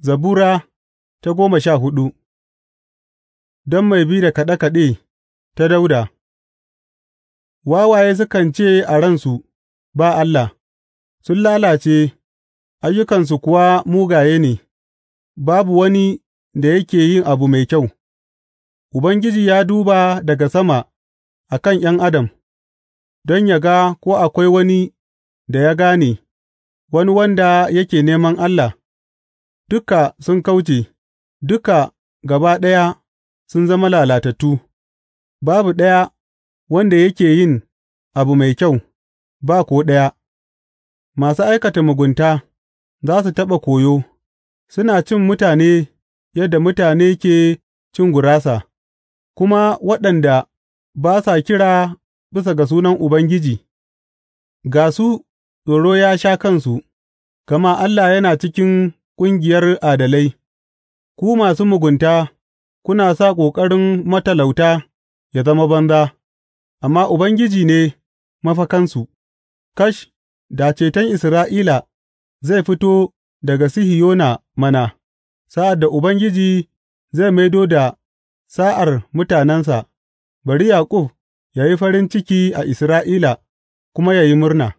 Zabura ta goma sha hudu Don mai bi da kaɗe kaɗe ta Dauda. Wawaye sukan ce a ransu, Ba Allah; sun lalace, ayyukansu kuwa mugaye ne, babu wani da yake yin abu mai kyau; Ubangiji ya duba daga sama a kan ’yan adam, don ya ga ko akwai wani da ya gane, wani wanda yake neman Allah. Duka sun kauce, duka gaba ɗaya sun zama lalatattu; babu ɗaya wanda yake yin abu mai kyau, ba ko ɗaya; masu aikata mugunta za su taɓa koyo, suna cin mutane yadda mutane ke cin gurasa, kuma waɗanda ba sa kira bisa ga sunan Ubangiji, ga su tsoro ya sha kansu, gama Allah yana cikin ƙungiyar adalai, ku masu mugunta kuna sa ƙoƙarin matalauta ya zama banza, amma Ubangiji ne mafakansu, kash, da ceton Isra'ila zai fito daga Sihiyona mana, sa'ad da Ubangiji zai maido da sa'ar mutanensa, bari Yaƙub ya yi farin ciki a Isra'ila kuma ya yi murna.